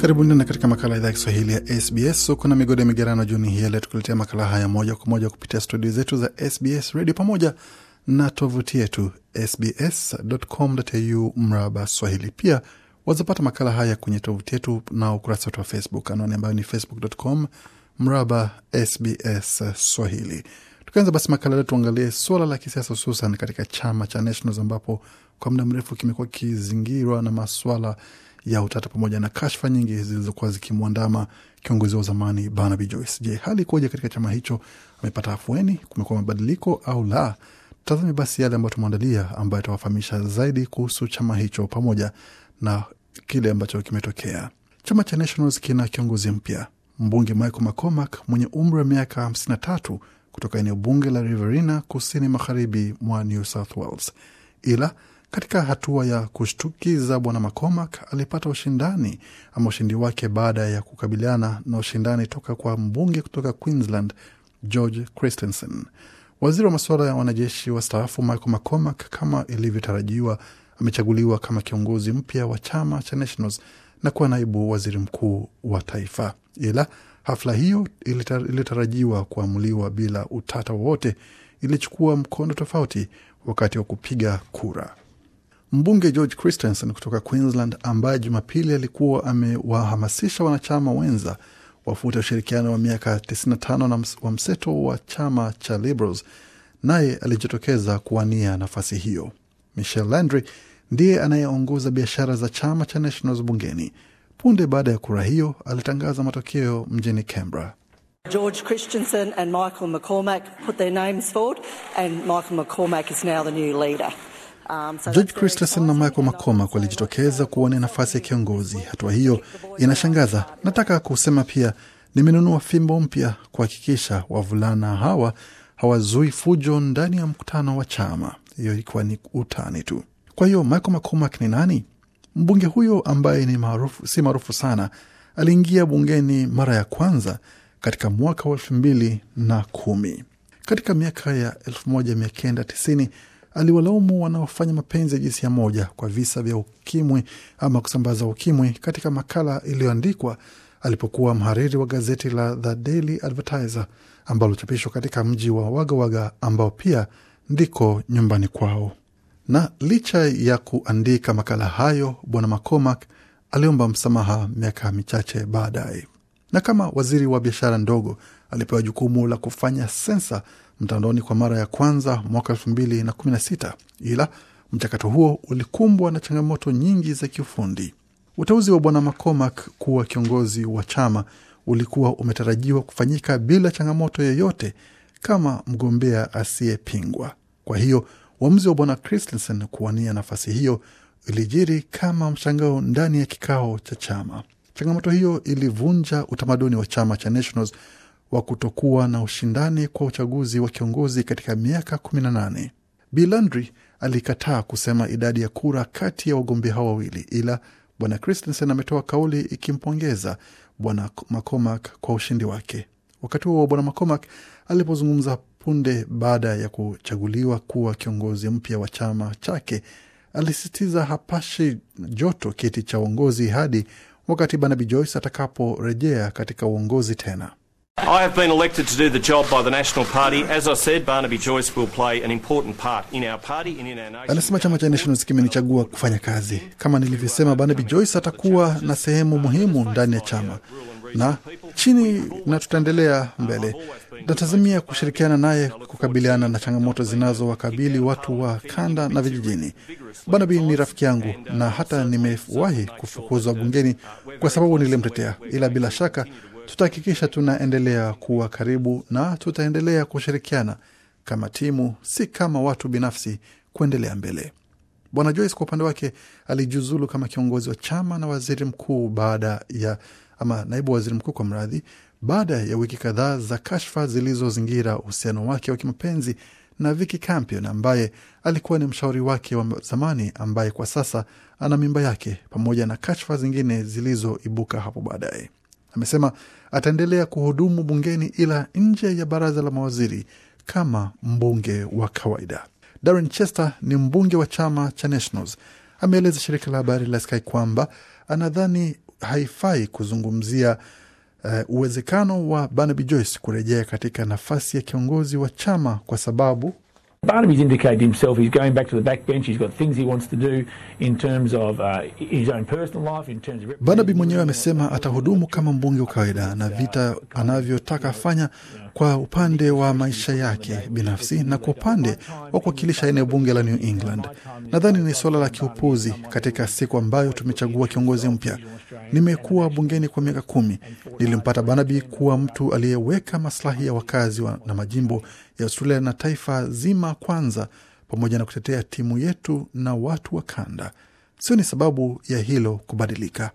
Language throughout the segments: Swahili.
Karibuni tena katika makala ya idhaa ya Kiswahili ya SBS. Uko na migode migerano juni hii leo, tukuletea makala haya moja kwa moja kupitia studio zetu za SBS redio pamoja na tovuti yetu sbs.com.au mraba swahili. Pia wazapata makala haya kwenye tovuti yetu na ukurasa wetu wa Facebook, anwani ambayo ni facebook.com mraba SBS swahili. Tukianza basi makala leo, tuangalie suala la kisiasa, hususan katika chama cha Nationals ambapo kwa muda mrefu kimekuwa kikizingirwa na maswala ya utata pamoja na kashfa nyingi zilizokuwa zikimwandama kiongozi wa zamani Barnaby Joyce. Je, hali ikoje katika chama hicho? Amepata afueni? Kumekuwa mabadiliko au la? Tazame basi yale ambayo tumeandalia, ambayo atawafahamisha zaidi kuhusu chama hicho pamoja na kile ambacho kimetokea. Chama cha Nationals kina kiongozi mpya, mbunge Michael McCormack mwenye umri wa miaka 53 kutoka eneo bunge la Riverina, kusini magharibi mwa New South Wales, ila katika hatua ya kushtukiza, Bwana McCormack alipata ushindani ama ushindi wake baada ya kukabiliana na ushindani toka kwa mbunge kutoka Queensland George Christensen. Waziri wa masuala ya wanajeshi wa staafu Michael McCormack, kama ilivyotarajiwa, amechaguliwa kama kiongozi mpya wa chama cha Nationals na kuwa naibu waziri mkuu wa taifa, ila hafla hiyo iliyotarajiwa kuamuliwa bila utata wowote, ilichukua mkondo tofauti wakati wa kupiga kura. Mbunge George Christensen kutoka Queensland, ambaye Jumapili alikuwa amewahamasisha wanachama wenza wafute ushirikiano wa miaka 95 wa mseto wa chama cha Liberals, naye alijitokeza kuwania nafasi hiyo. Michelle Landry ndiye anayeongoza biashara za chama cha Nationals bungeni. Punde baada ya kura hiyo, alitangaza matokeo mjini Canberra. George Christensen and Michael McCormack put their names forward and Michael McCormack is now the new leader. George um, Christensen na Michael Makoma walijitokeza kuwania nafasi ya kiongozi. Hatua hiyo inashangaza. Nataka kusema pia, nimenunua fimbo mpya kuhakikisha wavulana hawa hawazui fujo ndani ya mkutano wa chama. Hiyo ilikuwa ni utani tu. Kwa hiyo Michael McCormack ni nani? Mbunge huyo ambaye ni maarufu, si maarufu sana, aliingia bungeni mara ya kwanza katika mwaka wa elfu mbili na kumi. Katika miaka ya elfu moja mia kenda tisini aliwalaumu wanaofanya mapenzi ya jinsia moja kwa visa vya ukimwi ama kusambaza ukimwi katika makala iliyoandikwa alipokuwa mhariri wa gazeti la The Daily Advertiser ambalo huchapishwa katika mji wa Wagawaga ambao pia ndiko nyumbani kwao. Na licha ya kuandika makala hayo, Bwana Macomak aliomba msamaha miaka michache baadaye na kama waziri wa biashara ndogo alipewa jukumu la kufanya sensa mtandaoni kwa mara ya kwanza mwaka elfu mbili na kumi na sita ila mchakato huo ulikumbwa na changamoto nyingi za kiufundi. Uteuzi wa bwana McCormack kuwa kiongozi wa chama ulikuwa umetarajiwa kufanyika bila changamoto yoyote kama mgombea asiyepingwa. Kwa hiyo uamuzi wa bwana Christensen kuwania nafasi hiyo ilijiri kama mshangao ndani ya kikao cha chama. Changamoto hiyo ilivunja utamaduni wa chama cha Nationals wa kutokuwa na ushindani kwa uchaguzi wa kiongozi katika miaka 18. Bi Landry alikataa kusema idadi ya kura kati ya wagombea hao wawili, ila bwana Christensen ametoa kauli ikimpongeza bwana McCormack kwa ushindi wake. Wakati huo bwana McCormack alipozungumza punde baada ya kuchaguliwa kuwa kiongozi mpya wa chama chake, alisisitiza hapashi joto kiti cha uongozi hadi wakati Barnaby Joyce atakaporejea katika uongozi tena. Anasema chama cha Nationals kimenichagua kufanya kazi. Kama nilivyosema, Barnaby Joyce atakuwa na sehemu muhimu ndani ya chama na chini na tutaendelea mbele. Natazamia kushirikiana naye kukabiliana na changamoto zinazowakabili watu wa kanda na vijijini. Barnaby ni rafiki yangu na hata nimewahi kufukuzwa bungeni kwa sababu nilimtetea, ila bila shaka tutahakikisha tunaendelea kuwa karibu na tutaendelea kushirikiana kama timu, si kama watu binafsi, kuendelea mbele. Bwana Joyce kwa upande wake alijiuzulu kama kiongozi wa chama na waziri mkuu baada ya ama naibu waziri mkuu kwa mradhi baada ya wiki kadhaa za kashfa zilizozingira uhusiano wake wa kimapenzi na Vicky Campion ambaye alikuwa ni mshauri wake wa zamani ambaye kwa sasa ana mimba yake, pamoja na kashfa zingine zilizoibuka hapo baadaye. Amesema ataendelea kuhudumu bungeni ila nje ya baraza la mawaziri kama mbunge wa kawaida. Darren Chester ni mbunge wa chama cha Nationals. Ameeleza shirika la habari la Sky kwamba anadhani haifai kuzungumzia uh, uwezekano wa Barnaby Joyce kurejea katika nafasi ya kiongozi wa chama kwa sababu Barnaby's indicated himself he's going back to the he's got things he wants to do in terms of uh, his own personal life in terms of Barnaby mwenyewe amesema atahudumu kama mbunge wa kawaida na vita anavyotaka fanya kwa upande wa maisha yake binafsi na kwa upande wa kuwakilisha eneo bunge la New England. Nadhani ni suala la kiupuzi katika siku ambayo tumechagua kiongozi mpya. Nimekuwa bungeni kwa miaka kumi. Nilimpata Barnaby kuwa mtu aliyeweka maslahi ya wakazi wa na majimbo ya Australia na taifa zima kwanza, pamoja na kutetea timu yetu na watu wa kanda. Sio ni sababu ya hilo kubadilika.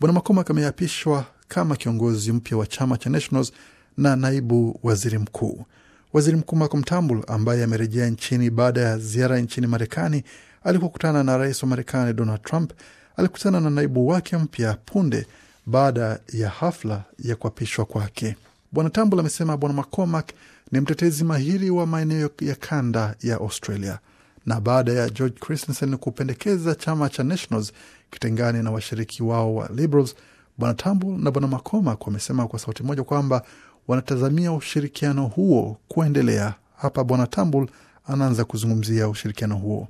Bwana Makoma ameapishwa kama kiongozi mpya wa chama cha Nationals na naibu waziri mkuu. Waziri Mkuu Malcolm Turnbull ambaye amerejea nchini baada ya ziara nchini Marekani alikokutana na rais wa Marekani Donald Trump alikutana na naibu wake mpya punde baada ya hafla ya kuapishwa kwake. Bwana Turnbull amesema Bwana McCormack ni mtetezi mahiri wa maeneo ya kanda ya Australia, na baada ya George Christensen kupendekeza chama cha Nationals kitengane na washiriki wao wa Liberals, Bwana Turnbull na Bwana McCormack wamesema kwa sauti moja kwamba wanatazamia ushirikiano huo kuendelea. Hapa Bwana Tambul anaanza kuzungumzia ushirikiano huo.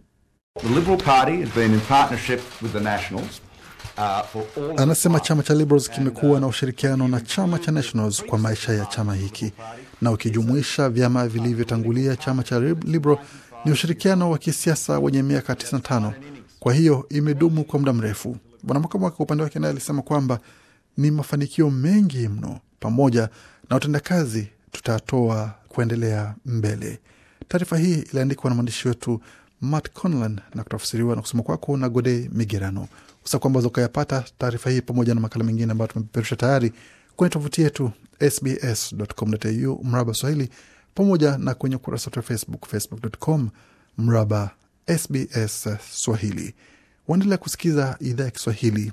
Uh, anasema chama cha Liberals kimekuwa uh, na ushirikiano na chama cha Nationals kwa maisha ya chama hiki, na ukijumuisha vyama vilivyotangulia chama cha Liberal, ni ushirikiano wa kisiasa wenye miaka 95, kwa hiyo imedumu kwa muda mrefu. Bwana wake kwa upande wake naye alisema kwamba ni mafanikio mengi mno pamoja na utendakazi tutatoa kuendelea mbele. Taarifa hii iliandikwa na mwandishi wetu Matt Conlan na kutafsiriwa na kusoma kwako na Gode Migerano. Usa kwamba ukayapata taarifa hii pamoja na makala mengine ambayo tumepeperusha tayari kwenye tovuti yetu sbs.com.au mraba Swahili, pamoja na kwenye ukurasa wetu wa Facebook, facebook.com mraba SBS Swahili. Waendelea kusikiza idhaa ya Kiswahili